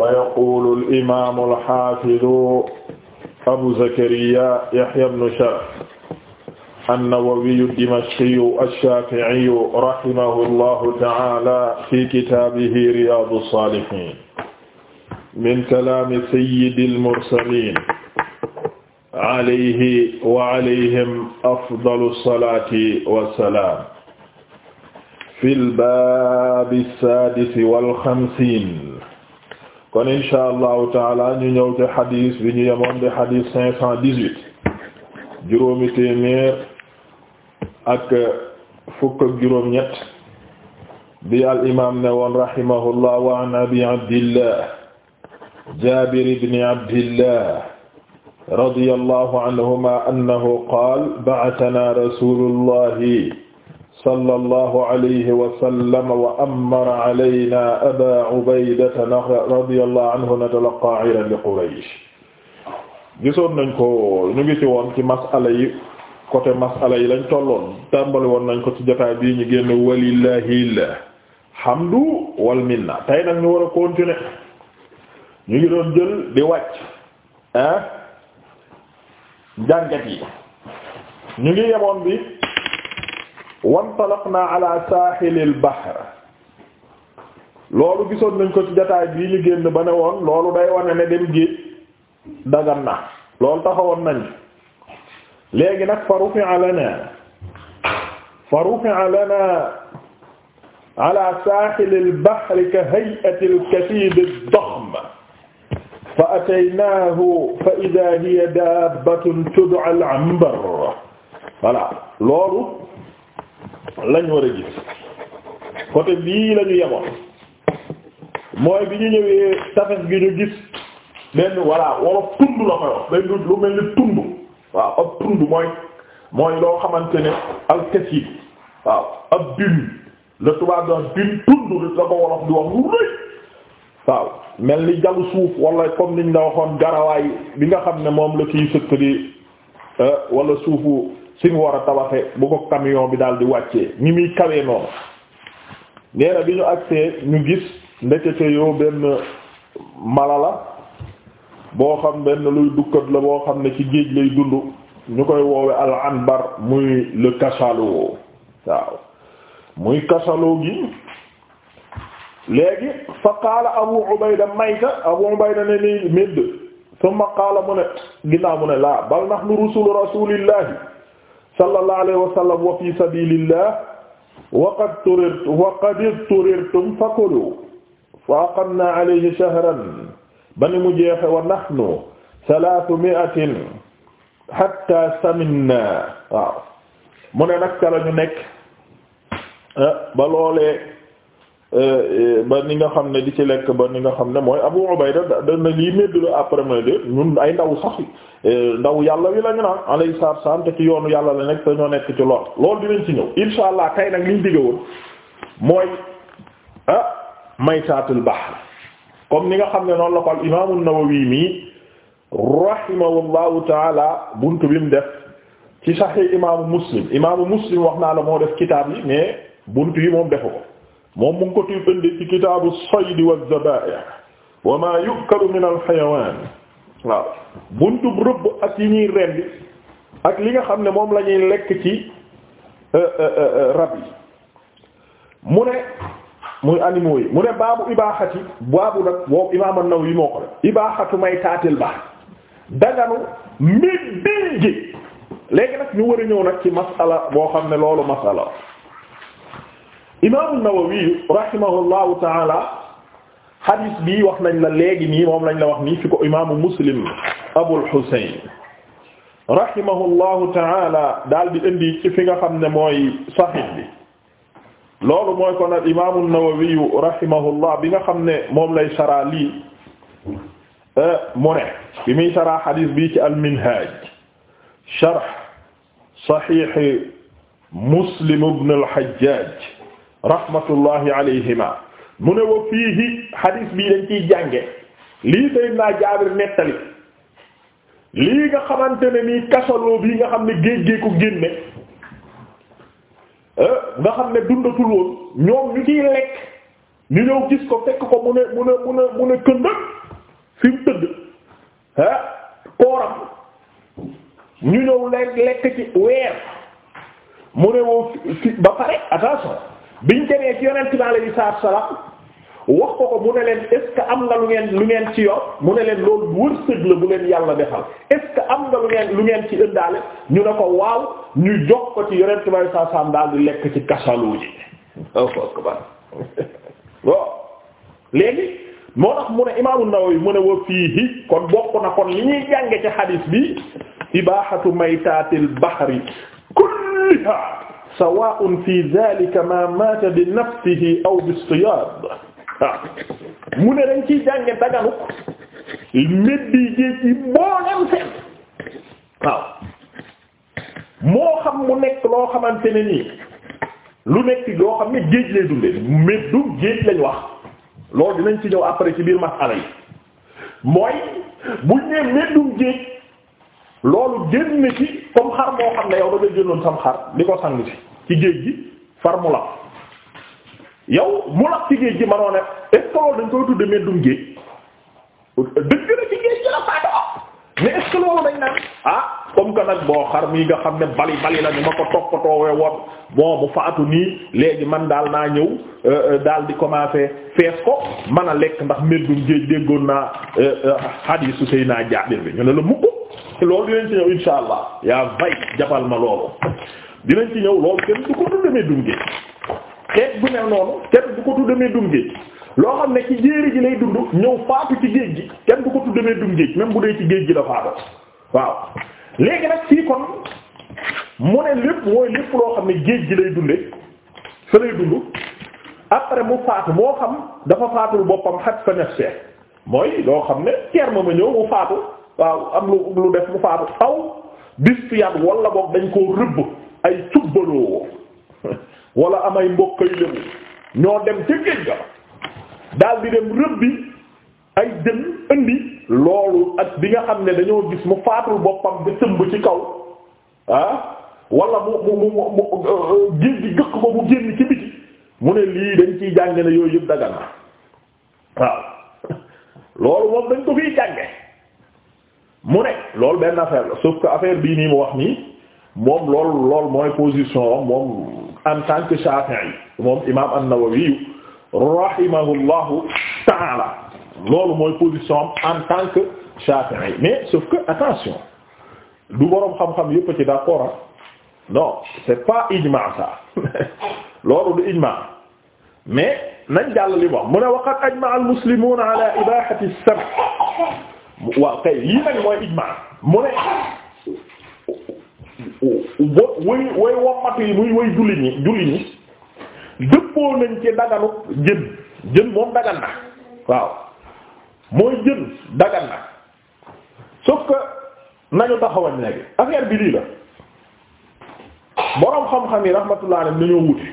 wa yaqulu al-imaamu al-haafidu Abu Zakariya Yahya ibn Sharaf an-Nawawiyyu ad-Dimashqiyyu ash-Shaafi'iyyu rahimahullahu ta'aala fi kitaabihi Riyaadu as-Saalihiin min kalaami sayyidil mursaliin alayhi wa alayhim afdalu salaati wa salaam fil baabi as-saadisi wal xamsiin kon insha allahu taala ñu ñëw ci xadis bi ñu yemoon di xadis cinq cent dix-huit juróomi téeméer ak fukk ak juróom ñett bi al imam ne woon rahimahullah wa an abi abdillah jabir ibni abdillah radiyallahu anhuma annahu qaal ba'athana rasulullahi sallallahu alayhi wa sallam wa amara alaynaa abaa ubaydata radiyallahu anhu natalaqaa ayran li quraysh gisoon nañ ko ñu ngi ci woon ci masala yi côté masala yi lañ tolloon tàmbali woon nañ ko ci jotaay bii ñu génn walillaahil hamdu wal minna tey nag ñu war a continuer ñu ngi doon jël di wàcc ah jàngat yi ñu ngi yemoon bi. wantalaqnaa ala saaxilil bahr loolu gisoon nañ ko ci jotaay bii ñu génn ba ne woon loolu day wane ne dem géej dagan na loolu taxawoon nañ léegi nag fa rufi'a lanaa fa rufi'a lanaa ala saaxilil bahri ka hay'atil kasiibid daxm fa ataynaahu fa idaa hiya daabbatun tud'al ambar voilà loolu lañ war a gis côté bii la ñu yemoon mooy bi ñu ñëwee tafes gi ñu gis benn voilà wala tund la koy wax benn lu mel ni tund waaw ab tund mooy mooy loo xamante ne alkasib waaw ab dune la tubaab di wax tund la ko wolof di wax lu rëy waaw mel ni jalu suuf wala comme niñ la waxoon garawaay bi nga xam ne moom la kiy sëkk di euh, wala suufu suñu war a tabaxee bu ko camion bi daal di wàcce ni muy kawee noonu nee bi ñu agsee ñu gis ndekete yoo benn mala la boo xam benn luy dukkat la boo xam ne ci géej lay dund ñu koy woowe al anbar muy le cachalot waaw muy cachalot gi léegi fa qaala abu ubayda mayta abu ubayda ne ni médd summa qaala mu ne ginnaaw mu ne laa bal nahnu rusulu rasulillahi sallallahu alayhi wa sallam wa fi sabilillah wa qad turirtum wa qad turirtum fakulu fa aqamna alayhi shahran bani mu jeexe wa nahnu salaatu mi'atin hatta saminna waaw mu ne nag ca la ñu nekk eh, ba loolee Euh, ba ni nga xam ne di ci lekk ba ni nga xam ne mooy Abu Ubayda dana lii méddu la après mooy de ñun ay ndaw sax euh, ndaw yàlla wi la ñu naan alayhi salaatu salaam te ci yoonu yàlla la nekk te ñoo nekk ci lool loolu dinañ ci ñëw insha allah tey nag liñ digga woon mooy ah maytaatul bahr comme ni nga xam ne noonu la ko al imaamu Nawawi mi rahimahullahu taala bunt bi mu def ci Sahih imaamu Muslim imaamu Muslim wax naa la moo def kitaab yi mais buntu yi moom defu ko moom mu ngi ko tuy indi ci kitaabu sayd wa zabaa'i wa maa yukalu min al waaw buntub rëbb ak yi ñuy rendi ak li nga xam ne moom la ñuy lekk ci euh, euh, euh, rab yi mu ne muy animaux yi mu ne baabu ibaaxati baabu nag boobu imaam an-Nawawi moo ko ibaaxatu may taatil baax daganu mi dégg léegi nag ñu war a ñëw nag ci masala boo xam ne loolu masala imaamu Nawawi rahimahullahu taala hadith bi wax nañ la léegi nii moom lañ la wax nii fi ko imaamu Muslim Abul Husayn rahimahullahu taala daal di indi ci fi nga xam ne mooy Sahih bi loolu mooy kon nag imaamu Nawawi rahimahullah bi nga xam ne moom lay saraa lii euh, mu ne bi muy saraa hadith bi ci al-Minhaj sharh Sahih Muslim ibn al-Hajjaj rahmatullahi alayhima mu ne wa fiihi hadith bii dañ ciy jànge lii Seydina Jaabir nettali lii nga xamante ne nii kasaloo bii nga xam ne géej géej ko génne eh, nga xam ne dundatul woon ñoom ñu ciy lekk ñu ñëw gis ko fekk ko mu ne mu ne mu ne mu ne këndëg fi mu tëdd eh, kooram ñu ñëw lekk ci weer mu ne woo fi ba pare attention biñ demee ci yonent bi alayhi salaatu salaam wax ko ko mu ne leen est am nga lu ngeen lu ngeen ci yor mu ne leen loolu wërsëg la bu leen yàlla defal est que am nga lu ngeen lu ngeen ci ëndaale ñu ne ko waaw ñu jox ko ci yonent bi alayhi salaatu daal di lekk ci kasalu ji waaw léegi moo tax mu ne imaamu yi mu ne wa fiihi kon bokk na kon li ñuy jànge ci hadis bi ibaahatu maytaatil bahri kulliha sawaa'un fi dhalika ma mata bi nafsihi aw bi siyaad mu ne dañ ci jànge daganu meddi géej yi mboolem seen waaw moo xam mu nekk loo xamante ne lu nekk loo xam ne géej lay dundee meddu géej lañ wax loolu dinañ ci ñëw après ci biir masala yi mooy buñ ne meddum géej loolu génn ci comme xar moo xam ne yow da nga jëndoon sam xar di ko sang si ci géej gi far mu lap yow ci géej gi manoo ne est dañ koy tudde meddum géej dëgg la ci géej gi la faatoo ah, nga xam ne bali bali la ñu ma ko toppatoowee woon nii léegi man daal naa ñëw euh, euh, daal di commencer fees ko man a lekk ndax meddum géej déggoon naa euh, hadiisu Seydina Jaabir bi ñu ne la mukk loolu dinañ ci ñëw insha allah yaa bay jàppal ma loolu dinañ ci ñëw loolu kenn du ko tudde Médoune Gueye xeet bu ne noonu kenn du ko tudde Médoune Gueye loo xam ne ci jéeri gi lay dund ñëw faatu ci géej gi kenn du ko tudde Médoune Gueye même bu dee ci géej gi la faatu waaw léegi nag fii kon mu ne lépp mooy lépp loo xam ne géej gi lay dunde fa lay dund après mu faatu moo xam dafa faatul boppam xat fa nef mooy loo xam ne terme ma ñëw mu faatu waaw am lu lu def mu faatu faw bistiyaat wala boog dañ koo rëbb ay cubbaloo wala amay mbokk yu lemu ñoo dem ca géej ga daal di dem rëbbi ay jën indi loolu ak bi nga xam ne dañoo gis mu faatul boppam di tëmb ci kaw ah wala mu mu mu mu euh, géej gi gëkk ko mu génn ci biti mu ne lii dañ ciy jànge ne yooyu yëpp dagan waaw loolu moom dañ ko fiy jànge mu ne loolu benn affaire la sauf que affaire bii nii mu wax nii moom lool lool mooy position moom en tant que Shafi'i moom imaam an-Nawawi rahimahullahu ta'ala loolu mooy position en tant que mais sauf que attention du boroom xam-xam yépp ci d'accord ah c'est pas ijma ça loolu du ijma mais nañ jàll mu ne waqad ajma'a al-muslimuna ala ibahati as waaw kay lii nag mooy ijmaa mu ne wo way wommatu yi muy way julli ñi julli ñi dëppoo nañ ci daganu jën jën moom dagan na waaw mooy jën dagan na sauf que nañu taxawañ léegi affaire bi lii la boroom xam-xam yi rahmatullah alayhi dañoo wuti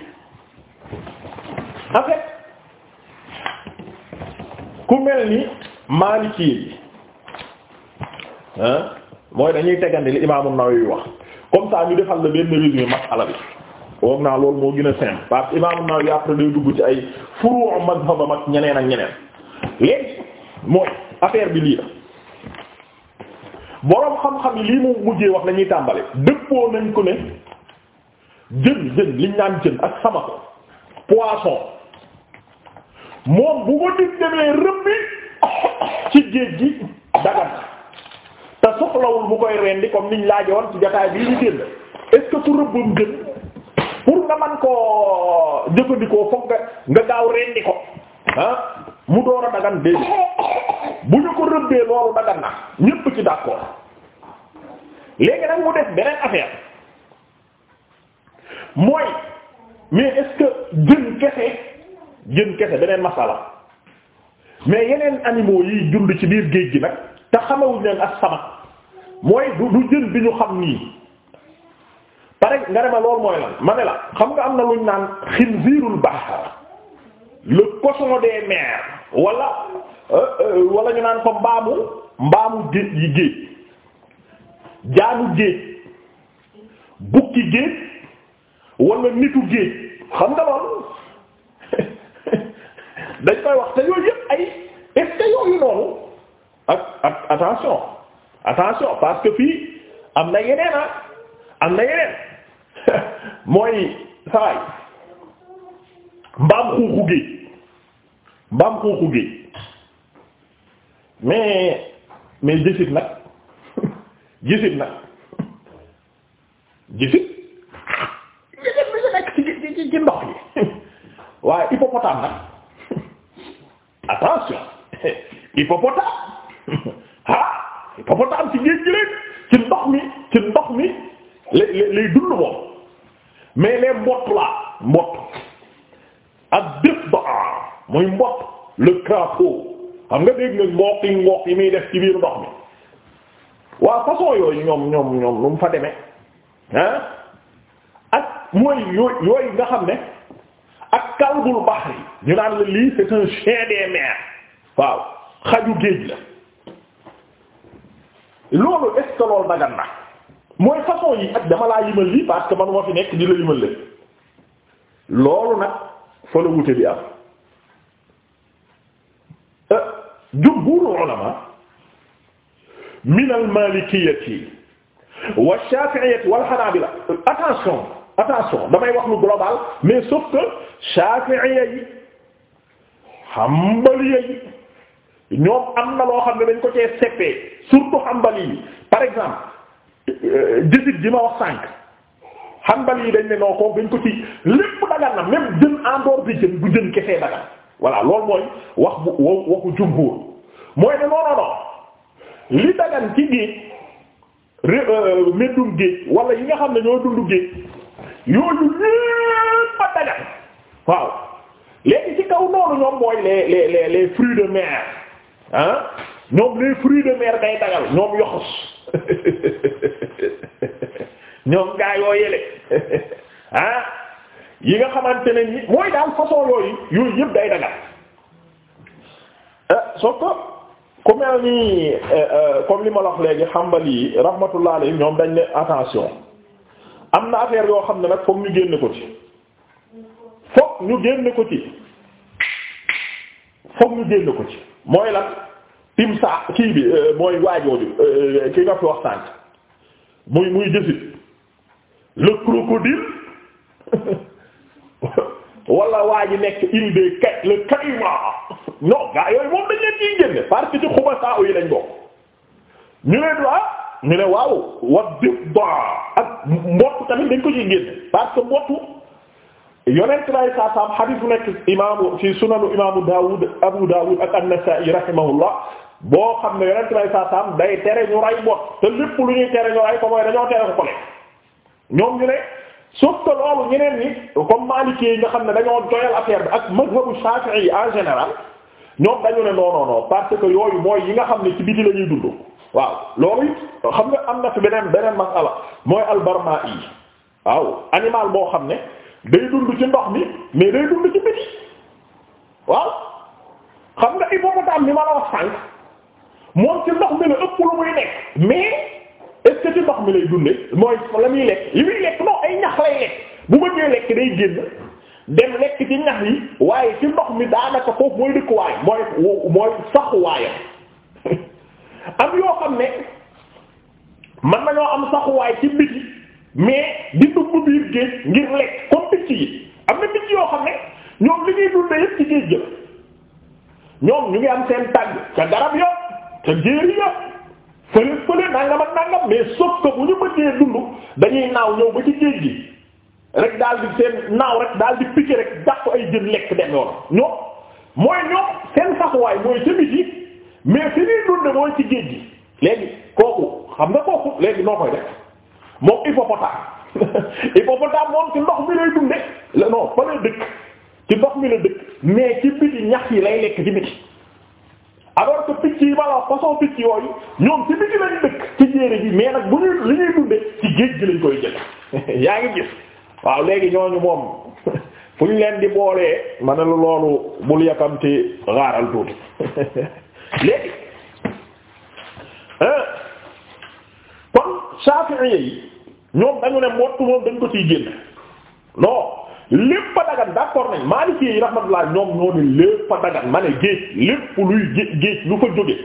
en ku mel ni Maliki mooy dañuy tegandi li imaamu Nawawi wax comme ça ñu defal la benn résumé masala bi woog naa loolu moo gën a simple parce que imaamu Nawawi après day dugg ci ay mag mazhabam ak ñeneen ak ñeneen léegi mooy affaire bi lii la boroom xam-xam yi lii mu mujjee wax lañuy tàmbale dëppoo nañ ko ne jën jën liñ naan jën ak samako poisson moom bu ko dig demee rëbbi ci géej gi dagan soxlawul bu koy rendi comme niñ laaje woon ci jotaay bii ñu génn est ce que pour rëbbam gën pour nga man koo jëfandikoo foog nga gaaw rendi ko ah mu door a dagan dégg bu ñu ko rëbbee loolu dagan na ñépp ci d'accord léegi nag mu def beneen affaire mooy mais est-ce que jën kese jën kese beneen masala mais yeneen animaux yi dund ci biir géej gi nag te xamawuñ leen ak sama mooy du du jën bi ñu xam nii pare nga dema loolu mooy lan ma ne la xam nga am na luñ naan xinziirul bahr le cochon des mers wala euh, euh, wala ñu naan ko mbaamu mbaamu géej yi géej jaanu géej bukki géej wala nitu géej xam nga loolu dañ koy wax te yooyu yëpp ay est yooyu noonu ak ak attention attention parce que fii am na yeneen ah am na yeneen mooy sawaay mbaam xuuxu géej mbaam xuuxu géej mais mais jësit nag jësit nag jësit jësit bi ñu nekk ci ci ci ndox yi waaye hippopotame nag attention dafa daan ci ci ndox mi ci ndox mi lay lay dund moom mais les mbott la mbott ak dëf ba muy mbott le crapaud xam nga dégg nga ngook yi muy def ci biir ndox mi waa façon yooyu ñoom ñoom ñoom lu mu fa deme ah ak mooy yooyu yooyu nga xam ne ak kalbul bahri ñu naan la lii c'est un chien des mers waaw xaju géej la loolu est loolu dagan na mooy façon yi ak dama laa yimal lii parce que man fi nekk di la yimal leen loolu nag fa la wute bi am euh, jumhuurul ulamaa min al maalikiyyati wa shaafi'iyyati wal hanaabila attention attention damay wax lu global mais sauf que shaafi'iyya yi hanbaliyya yi ñoom am na loo xam ne dañ ko cee seppee surtout xambali yi par exemple jësit euh, ji ma wax sànq xambali yi dañ ne noo ko dañ ko ci lépp dagan na même jën en bi jën bu jën kesee dagan voilà loolu wax bu li dagan ci euh, géej wala yi nga xam ne ñoo dundu géej yooyu lépp waaw léegi ci kaw noonu ñoom mooy les les les les de mer ah ñoom les fruits de mer day dagal ñoom yoxos ñoom gaa yoo yële ah yi nga xamante ne mooy daal façon yooyu yooyu yëpp day dagal eh, soo ko ku mel ni eh, eh, comme li ma la wax léegi xambal yi ñoom dañ ne attention am na affaire yoo xam ne nag fokk ñu génn ko ci fokk ñu génn ko ci fokk ñu génn ko ci mooy lan timsa kii bi euh, mooy waajooju euh, ki nga fi wax sànq muy muy jësit le crocodile wala waa ji nekk il de ka le caïman non gaa moom dañ leen ciy parce que ci xuba saa yi lañ bokk ñu ne ah ñu ne waaw wat dib ba ak mbott tamit dañ ko ciy génne parce que mbottu yonent lay saa saam xadiis bu nekk imaamu ci sunanu imaamu Daawud Abu Daawud ak an-Nasaa'i boo xam ne yonent lay saa saam day tere ñu ray bot te lépp lu ñuy tere ñu ray ko mooy dañoo tere ko ko lekk ñoom ñu ne sauf que loolu ñeneen ñi comme Maliki yi nga xam ne dañoo doyal affaire bi ak mazhabu Shaafi'i yi en général ñoom dañu ne non non non parce que yooyu mooy yi nga xam ne ci biti la ñuy dund waaw loolu it xam nga am na fi beneen beneen masala mooy al-Barmaa'i waaw animal boo xam ne. day dund ci ndox mi mais day dund ci biti waaw xam nga hippopotame ni ma la wax sànq moom ci ndox mi la ëpp lu muy nekk mais est ci ndox mi lay dunde mooy la muy lekk li muy lekk non ay ñax lay lekk bu bëggee lekk day génn dem lekk ci ñax yi waaye ci ndox mi daanaka foofu mooy dëkkuwaay mooy mooy saxuwaayam am yoo xam ne man nañoo am saxuwaay ci biti mais di dugg biir géej ngir lekk comme yi am na picc yoo xam ne ñoom li ñuy dundee yëpp ci géej jël ñoom ñu ngi am seen tàgg ca garab ya ca jéeri yo fële fële nangam ak nangam mais sauf que bu ñu bëggee dund dañuy naaw ñëw ba ci géej gi rek daal di seen naaw rek daal di piqué rek ko ay jën lekk dem yoon ñoom mooy ñoom seen saxuwaay mooy ca biti mais fi ñuy dund mooy ci géej gi léegi kooku xam nga kooku léegi noo koy def. moom hippopotame hippopotame moom ci ndox mi lay dunde la non fa lay dëkk ci ndox mi la dëkk mais ci biti ñax yi lay lekk ci biti alors que picc yi ma la picc yooyu ñoom ci biti lañ dëkk ci jéere bi mais nag bu ñuy dunde ci géej gi lañ koy jël yaa ngi gis waaw léegi ñooñu moom fu ñu leen di boolee ma ne loolu bul yàkkamti xaaral tuuti léegi. Shafi'i yi ñoom dañu ne mott moom dañ ko ciy génn non lépp a dagan d'accord nañ Maliki yi rahmatullah ñoom ñoo ne lépp a dagan ma ne géej lépp luy géej géej lu fa jóge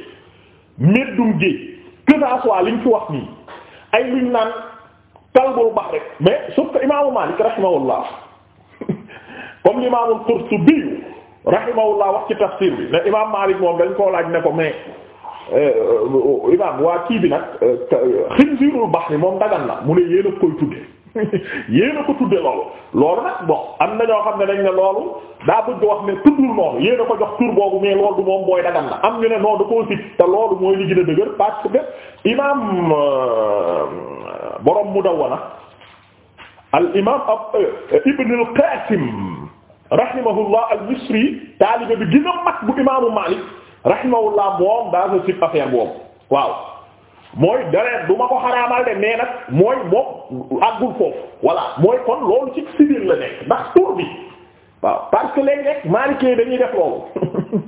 méddum géej que soit liñ ki wax nii ay luñ naan talbul bax rek mais su que imaamu Malik rahimahullah comme l'imaamu Qurtubi rahimahullah wax ci tafsir bi ne imaam Malik moom dañ koo laaj ne ko mais Euh, euh, imaam waa kii bi nag xinziirul euh, bahri moom dagan na mu ne yéen a koy tudde yéen a ko tudde loolu loolu nag bon am na ñoo xam ne dañ ne loolu daa bëgg wax ne tuddul noonu yéen a ko jox tur boobu mais loolu du moom booy dagan na am ñu ne noonu da koo sit te loolu mooy li gën a dëgër parce que imaam borom Mudawwana al imaam ab Ibn al Qasim rahimahullah al Misri taalibe bi gën a mag bu imaamu Maalik rahimahullah moom daa sa sib affaire boobu waaw mooy dareet du ma ko xaraamal de mais nag mooy moom àggul foofu voilà mooy kon loolu ci civil la nekk ndax tur bi waaw parce que léegi rek Maliki yi dañuy def loolu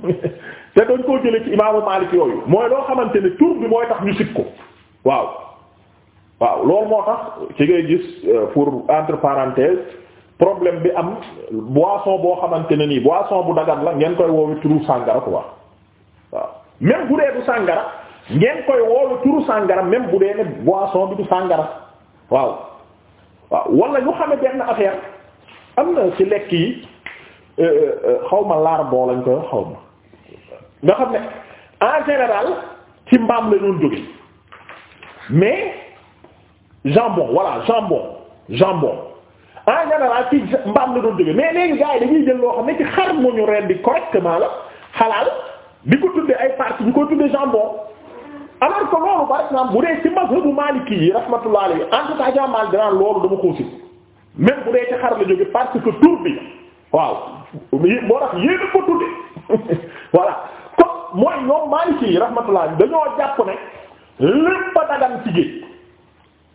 te dañ koo jële ci imaamu Maliki yooyu mooy loo xamante ne tur bi mooy tax ñu sib ko waaw waaw loolu moo tax ci ngay gis euh, pour entre parenthèses problème bi am boisson boo xamante ne nii boisson bu dagan la ngeen koy woowe turu sàngara quoi waaw même bu dee du sàngara ngeen koy woolu turu sàngara même bu dee ne boisson bi du sàngara waaw waaw wala ñu xame benn affaire am na ci lekk yi euh, euh, euh, xaw ma lardon lañ koy xaw ma nga xam ne en général ci mbaam la doon jóge mais jambon voilà jambon jambon en général ci mbaam la doon jóge mais léegi gars yi dañuy jël loo xam ne ci xar mu ñu rendi correctement la xalaal di ko tuddee ay partie ñu koy tuddee jambon alors que loolu par exemple bu dee ci mazhabu maliki yi rahmatullah alayhi en tout cas jamal dinaan loolu dama ko sit même bu dee ci xar la jóge parce que tur bi waaw moo tax yéen a ko tuddee voilà kon mooy ñoom maliki yi rahmatullah dañoo jàpp ne lépp a dagan ci géej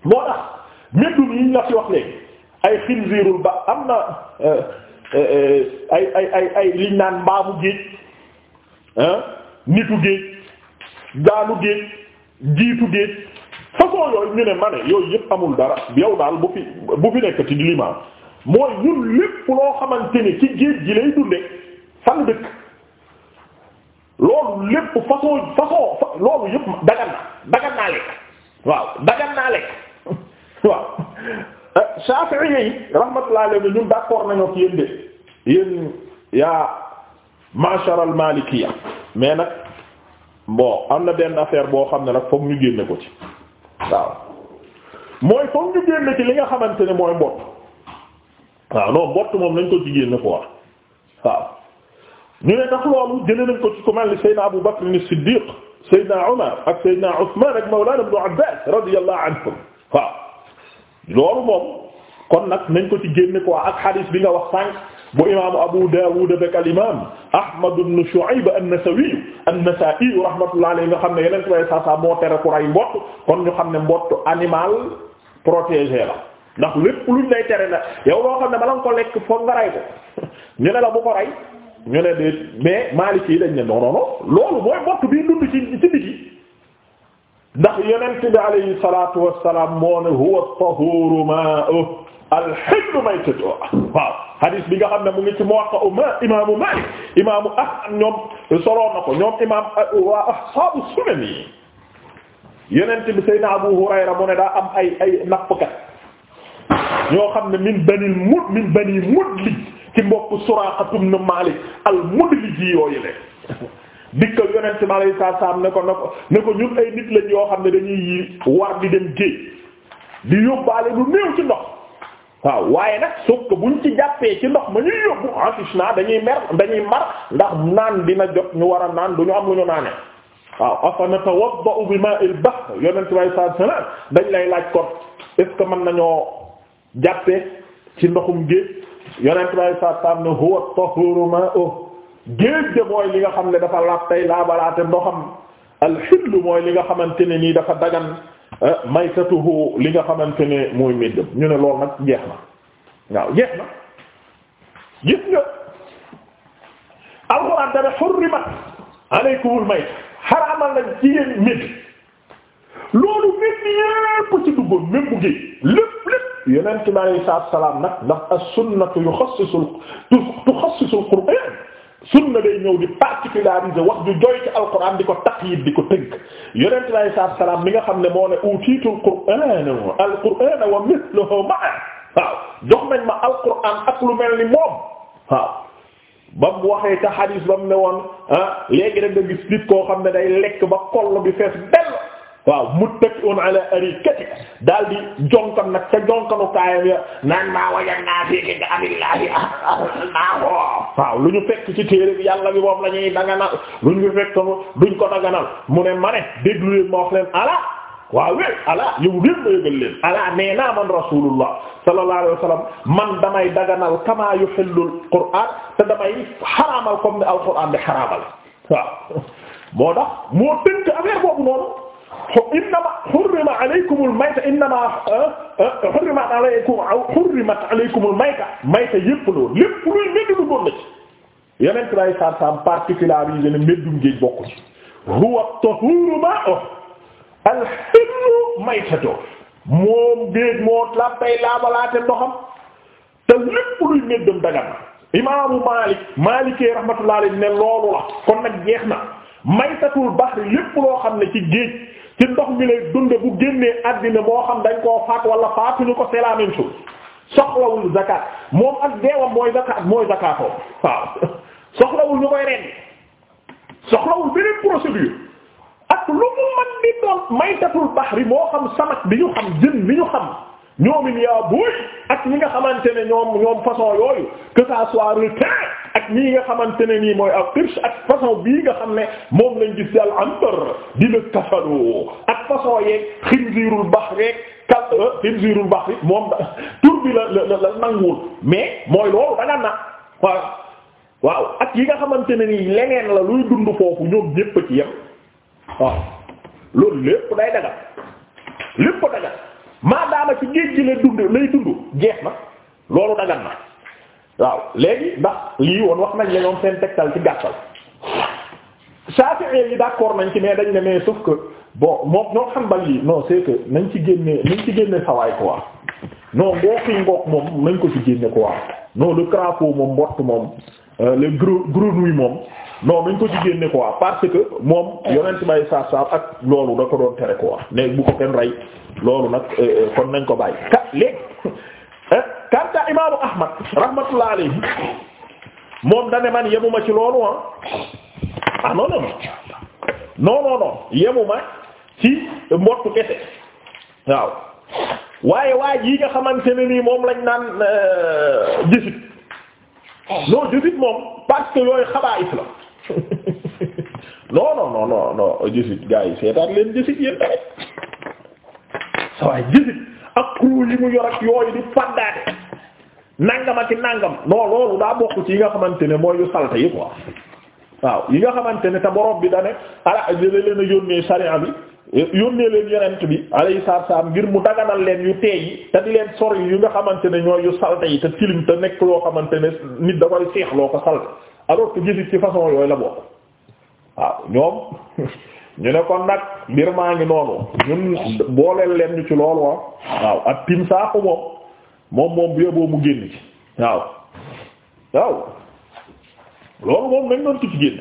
moo tax méddum yi ñu ci wax léegi ay xinziirul ba am na euh, euh, euh, ay ay ay ay liñ naan mbaamu géej nitu géej gaalu géej jiitu géej façon yooyu ñu ne ma yooyu yëpp amul dara yow daal bu fi bu fi nekk ci limaam mooy ñun lépp loo xamante ni ci géej gi lay dunde fan dëkk loolu lépp façon façon loolu yëpp dagan na dagan naa lekk waaw dagan naa lekk waaw eh, Shafi'i yi rahmatullahi alayhi ñun d'accord nañoo ci yéen de yaa mashar al malikiya mais nag bon am na benn affaire boo xam ne nag foog ñu génne ko ci waaw mooy foog ñu génne ci li nga xamante ne mooy mbott waaw non mbott moom nañ ko ci génne quoi waaw ne ndax loolu jëlee nañ ko ci ku mel ni Seydina Abu Bakr as-Siddiq Seydina Umar ak Seydina Usman ak Mawlana Ibn Abbas radiyallahu anhum waaw loolu moom kon nag nañ ko ci génne quoi ak hadith bi nga wax sànq. bu imaamu Abu Dawud ak al imaam Ahmad ibn Shu'ayb an-Nasawi an-Nasa'i rahmatullahi alayhi nga xam ne yeneen tubaab saa moo tere ku rey mbott kon ñu xam ne mbott animal protégé la ndax lépp luñ lay tere na yow loo xam ne bala nga ko lekk foog nga rey ko ñu ne la bu ko rey ñu ne déet mais Maliki yi dañ ne non non non loolu mooy mbott bii dund ci ci biti ndax yonent bi alayhi salaatu wassalaam moo ne huwa at-tahuru ma'uhu alxillu maytatu waaw hadis bi nga xam ne mu ngi ci Muwatta imaamu Maalik imaamu Ahmad ñoom soloon na ko ñoom imaam waa ashaabu sunan yi yonent bi Seydina Abu Hurayra mu ne daa am ay ay nappkat ñoo xam ne min bani mud min bani Mudlij ci mbokk Suraaqa ibn Maalik al-Mudliji yooyu le dikkal yonent bi alayhi salaam ne ko ne ko ne ko ñun ay nit lañ yoo xam ne dañuy war di dem géej di yóbbaale lu néew ci ndox. waaw waaye nag sauf que buñ ci jàppee ci ndox ma ñuy yóbbu enfiche naa dañuy mer dañuy mar ndax naan dina jot ñu war a naan du ñu am lu ñu naane waaw afa natawaddau bi ma'il bahr yonent way sa sana dañ lay laaj kon mën nañoo jàppee ci ndoxum géej yonent way sa sam ne huwa tahuru ma'u géej de mooy li nga xam ne dafa laab tey laabalaate ndoxam lu mooy li nga xamante ne nii dafa dagan Eh, maytatuhu li nga xamante ne mooy méddam ñu ne loolu nag jeex na waaw jeex na gis nga alxuraan dana hurrimat alaykumul mayt xaraamal nañ ci yéen médd loolu médd yépp ci duggoon même bu géej lépp lépp yonent bi alayhi salaatu wa salaam nag ndax as-sunnatu yuxassisu al-qur'aan sunna day ñëw di particularisé wax ju joy ci alquran di ko taqyid di ko tënk yonent bi alayhi salaatu salaam mi nga xam ne moo ne utiitul qur'ana alqur'ana wa mithluhu ma'a waaw jox nañ ma alquran ak lu mel ni moom waaw ba mu waxee ca xadiis ba mu ne woon ah, léegi rek nga gis nit koo xam ne day lekk ba kollo bi fees del waaw muttaki'un ala arikati daal di jonkan nag ca jonkanu kaayam ya naan maa wajadnaa fii kitaabillahi waaw lu ñu fekk ci téere bi yàlla bi moom la daganal lu ñu fekk duñ ko daganal mu ne ma ne déglu leen ma wax leen ala waaw we ala yow lépp ma yëgal leen ala nee naa man rasulullah sallallahu alayhi man damay daganal kama yuhillul qur'an te damay xaraamal comme ni alquran di xaraamal waaw moo tax moo tënk affaire boobu innama hurrima alaykumul mayta innama hurrima ah, ah, alaykum hurrimat alaykumul mayta mayta yépp loolu lépp luy médd lu doon na ci yeneen tray sar sam particularisé ne méddum géej bokk ci huwa tahuru ma'u alhillu maytatu moom géej moo la tay laabalaate ndoxam te lépp luy méddam dagan na imaamu Maalik Maalikee rahmatullahi alayhi ne loolu la kon nag jeex na maytatul bahri lépp loo xam ne ci géej ci ndox mi lay dunde bu génnee àddina moo xam dañ koo faat wala faatuñu ko c'est la même chose soxlawul zakat moom ak deewam mooy zakat mooy zakatoo waaw soxlawul ñu koy ren soxlawul beneen procédure ak lu mu man di doon maytatul bahri moo xam samak bi ñu xam jën bi ñu xam ñoomin yaa buuy ak ñi nga xamante ne ñoom ñoom façon yooyu que ça soit requin ak ñii nga xamante ne nii mooy ak kirsh ak façon bii nga xam ne moom lañ gis yàlla antar di la kafaru ak façon yeeg xinziirul bahr yeeg ka xinziirul euh, bahr yi moom tur bi la la la nanguwul mais mooy loolu da na waaw ak yi nga xamante ne nii leneen la luy dund foofu ñoom ñépp ci yem waaw loolu lépp day dagal lépp dagal maadaama ci géej gi lay dund lay dund jeex na loolu dagal na. waaw léegi ndax lii woon wax nañ la ñoom seen tegtal ci gàttal Shafi'i yi d'accord nañ ci mais dañ ne mais sauf que bon moom ñoo xambal yi non c'est que nañ ci génne nañ ci génne sawaay quoi no ngook yi ngook moom nañ ko ci génne quoi non le crapaud moom mbott moom euh, le gros grenouille moom non nañ ko ci génne quoi parce que moom yonent bay saaf saaf ak loolu da ko doon tere quoi mais bu ko kenn rey loolu nag euh, euh, kon nañ ko bàyyi. kanta imaamu ahmad rahmatullah alayhi moom dane man yemuma ci loolu ah ah non non non yemuma ci mbottu kese waaw waaye waaj yi nga xamante ne nii moom lañ naan euh, jësit non jësit moom parce yooyu xabaa'is la non non non jësit gars yi seetaan leen jësit yéen tamit sa jësit ak crew yi mu yor ak yooyu di fàddaate nangam ak nangam non loolu daa bokk ci yi nga xamante ne mooy yu salte yi quoi waaw yi nga xamante ne te borom bi da ne ala leen a yónnee sariya bi yónnee leen yonent bi alayhi salaam ngir mu dagalal leen yu teey te di leen sori yi nga xamante ne ñooy yu salte yi te tilim te nekk loo xamante ne nit da koy seexloo ko salte alors que gisit ci façon yooyu la bokk waaw ñoom ñu ne kon nag mbir maa ngi noonu ñun booleel leen ñu ci loolu waaw waaw ak saako moom. moom moom bu yeboo mu génn ci waaw waaw loolu moom nañ ko ci ci génn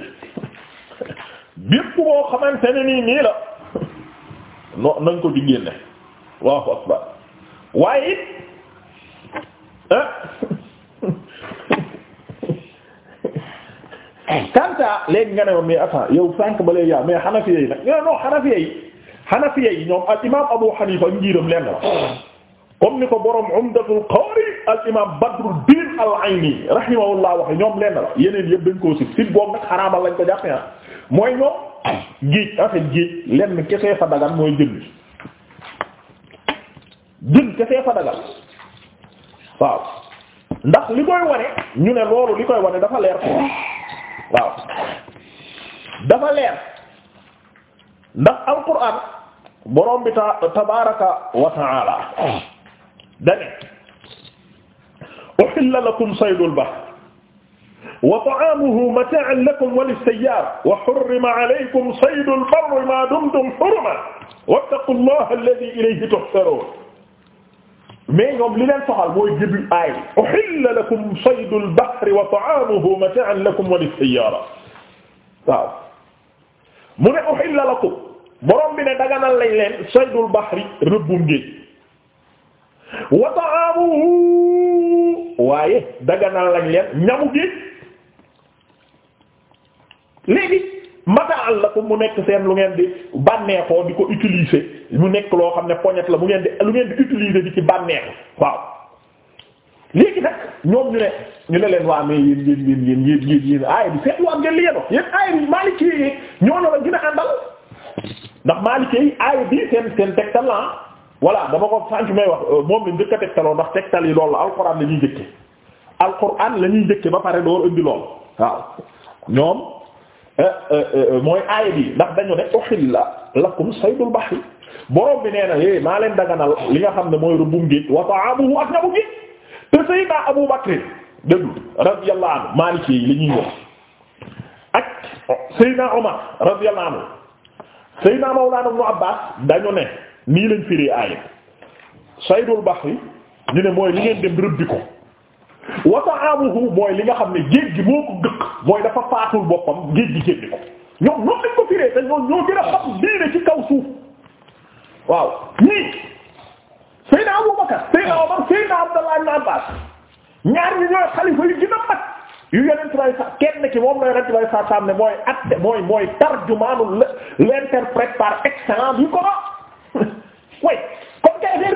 bépp boo xamante ne nii nii la no nañ ko ci génne waaw akbar waaye it kanta ah léegi nga ne ma mais attends yow sànq ba yaa mais xanafiya yi nag non non xanafiya yi xanafiya yi ñoom al imam Abu Hanifa njiiram lenn la comme ni ko borom Umdatul Qaari al imaam Badruddin al-Ayni rahimahullah waxe ñoom lenn la yeneen yëpp dañ koo si si boobu nag xaraamal lañ ko jàppee ah mooy ñoom géej en fait géej lenn kese fa dagan mooy jënd jënd kese fa dagan waaw ndax li koy wane ñu ne loolu li koy wane dafa leer quoi waaw dafa leer ndax Alquraan borom bi ta tabaaraka wa ta'aala dane uhilla lakum saydul bahr wa ta'amuhu mataa'an lakum wa lis-sayyaar wa hurrima alaykum saydul barri maa dumtum hurma wattaqullaha alladhi ilayhi tuhsharuun mais ñoom li leen soxal mooy début aay uhilla lakum saydul bahri wa ta'amuhu mataa'an lakum wa lis-sayyaara waaw mu ne uhilla lakum borom bi ne daganal lañ leen saydul bahri rëbbum géej wa ta'amuhu waaye daganal lañ leen ñamu géej léegi mata'al la ko mu nekk seen lu ngeen di bànneexoo di ko utiliser mu nekk loo xam ne poñet la mu ngeen di lu ngeen di utiliser di ci bànneexu waaw léegi nag ñoom ñu ne ñu ne leen waa mais yéen yéen yéen yéen yéen yéen yéen aaya bi seetlu am ngeen li ngeen wax bi Maliki yi ñoo la gën a àndal ndax Maliki yi aaya bi seen seen tegtal voilà dama ko sànq may euh, moom lañ njëkk a tegtaloo ndax tegtal lool loolu la alxuraan la ñuy njëkke alxuraan la ñuy njëkke ba pare door indi lool waaw ñoom euh, euh, mooy aaya bi ndax dañu ne uhilla lakum saydul bahri borom bi nee na é maa leen daganal li nga xam ne mooy rëbbum géej wa ta'amuhu ak nabu géej te sayyida Abu Bakr déglu radiyallahu anhu maliki yi li ñuy wax ak sayyida Umar radiyallahu anhu sayyida Mawlana Ibn Abbas dañu ne nii lañ firi aaya saydul bahri ñu ne mooy li ngeen dem rëbbi ko wa ta'amuhu mooy li nga xam ne géej gi moo ko gëkk mooy dafa faatul boppam géej gi génni ko ñoom ñoom lañ ko firee te ñoom ñoo gën a xam ñaar ñi ñooy xalifa yu gën a mag yu yeneen tibay kenn ki moom lay ren tibay sa saam ne mooy at mooy mooy tarjumaanu l'interprète par excellence yu ko way comme que affaire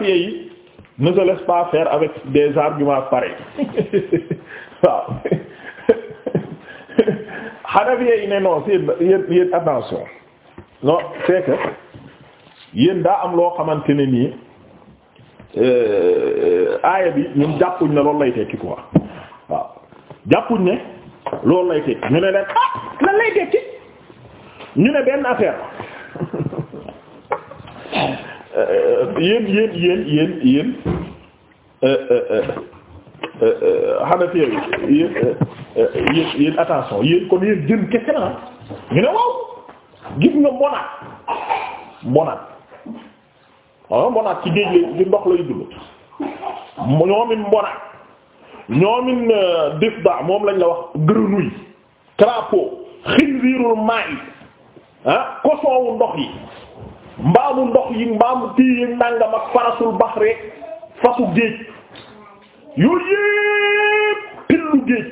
bi yi ne se laisse pas faire avec des arguments pareils waaw Hanafiya yi ne non c'est yéen attention non c'est que daa am loo xamante ne nii euh, aaya bi ñun jàppuñ ne loolu lay tekki quoi waaw jàppuñ ne loolu lay tekki ñu ne leen ah lan lay tekki. ñu ne benn affaire euh, yéen yéen yéen yéen yéen euh, euh, Hanafi yi yéen yéen yéen attention yéen kon yéen jën kese na ñu ne waaw gis nga mbonaat mbonaat waaw mbonaat ci géej la ci ndox lay dund ñoom it mbonaat ñoom it def moom lañ la wax grenouille crapaud xinziirul maay ah kosoowu ndox yi mbaamu ndox yi mbaamu kii yi nangam ak farasul bax rek fasu géej yooyu yëpp pillu géej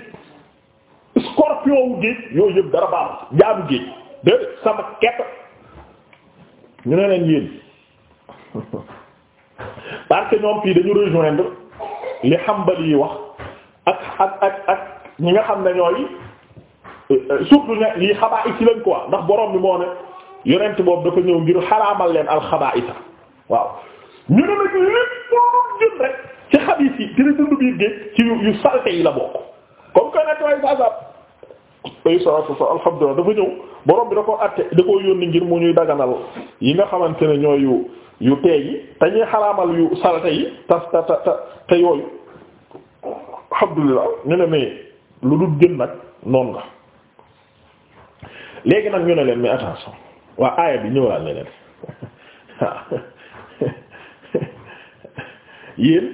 scorpion wu géej yooyu yëpp dara baaxul jaabu géej déedéet sama kepp ñu ne leen yéen parce que ñoom fii dañu rejoindre li Hanbali yi wax ak ak ak ñi nga xam ne ñooy. Euh, surtout ne lii xabaa it ci lañ quoi ndax borom bi moo ne yonent boobu dafa ñëw ngir xaraamal leen alxabaa waaw ñu ne nag lépp yi te saa ay dafa ñëw borom bi da ko ngir mu ñuy daganal yi nga xamante ne ñooy yu yu te ñuy xaraamal yu salte yi tas ta ta te yooyu alhamdulillah ñu ne mais lu dul gën nag noonu nga léegi nag ñu ne leen mais attention waa aaya bi ñëw ne leen waaw yéen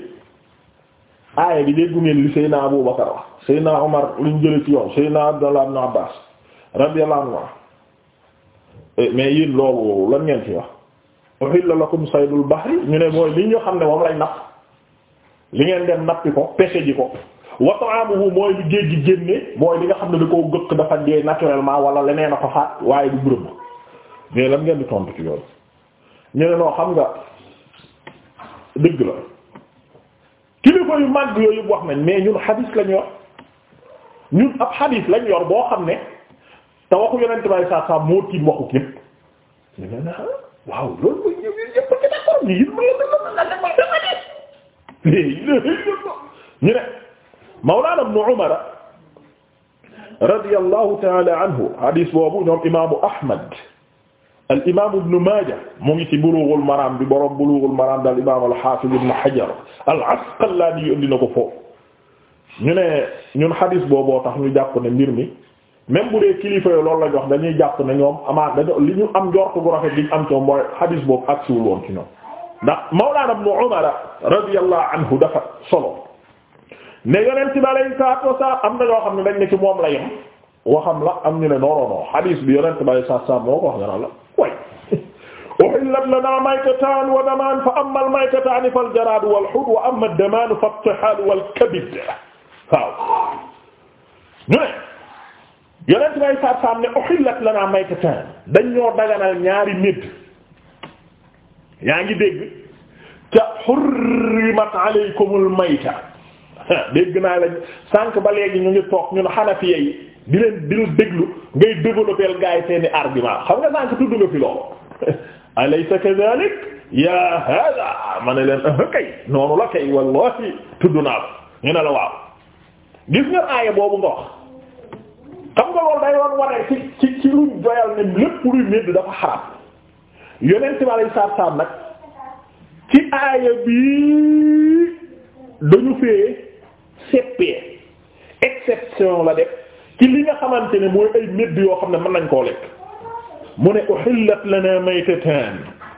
aaya bi déggu ngeen li Seydina Abu Bakar wax Seydina Omar luñ jële ci yoon Seydina Abdallah ibn Abbas radiyallahu anhu eh, mais yéen loolu lan ngeen ci wax uhilla lakum saydul bahri ñu ne mooy li ñu xam ne moom lay napp li ngeen dem nappi ko pêche ji ko wa ta'amuhu mooy li géej gi génne mooy li nga xam ne da koo gëkk dafa dee naturellement wala leneen a ko faat waaye du bërëb mais lan ngeen di tontu ci yooyu xam nga dëgg la kilifa yu mag yooyu yëpp wax nañ ñun lañ yor ab xadiis lañ yor boo xam ne te waxu yonent bi saa saa moo tiim waxu képp ñu ne Mawlaana Ibnu Umar radiyallahu ta'ala anhu hadis boobu ñoom imaamu Ahmad al imaam Ibnu Maaja mu ngi ci Buluughul Maraam bi borom Buluughul Maraam daal imaam al-Haafiz Ibnu Hajar al-Asqalaani indi na ko foofu ñu ne ñun hadis booboo tax ñu jàpp ne mbir mi même bu dee kilifa yooyu loolu la ñu wax dañuy jàpp ne ñoom amaat dañoo li ñu am njort bu rafet li ñu am coom mooy hadis boobu agsiwul woon ci ñoom ndax Mawlaana Ibnu Umar radiyallahu anhu dafa solo. ne yonent bi alayhi salaatu wasalaam am na ñoo xam ne dañ ne ci moom la yem waxam la am ñu ne non non non hadis bi yonent bi alayhi salaatu wasalaam moo ko wax nga la way uhillat lanaa maytataan wa damaan fa ammal maytataani fal jaraadu wal hud wa amma damaanu fattihaalu wal kabid waaw ñu ne yonent bi alayhi salaatu wasalaam ne uhillat lanaa maytataan dañ ñoo daganal ñaari nit yaa ngi dégg ca hurrimat alaykumul mayta dégg naa la sànq ba léegi ñu ngi toog ñun Hanafiya yi di leen di déglu ngay développer gaa yi seeni argument xam nga sànq tudd nga fi loolu alaysa kadhalik yaa hada ma ne leen kay noonu la kay wallahi tudd naa ko ñu ne la waaw gis nga aaya boobu nga wax xam nga loolu day war waree ci ci ci lu doyal ne lépp luy medd dafa xaram yonent bi alayhi salaam nag ci aaya bi dañu fee excepté exception la def ci li nga xamante ne mooy ay medd yoo xam ne mën nañ koo lekk mu ne uhillat lana maytatan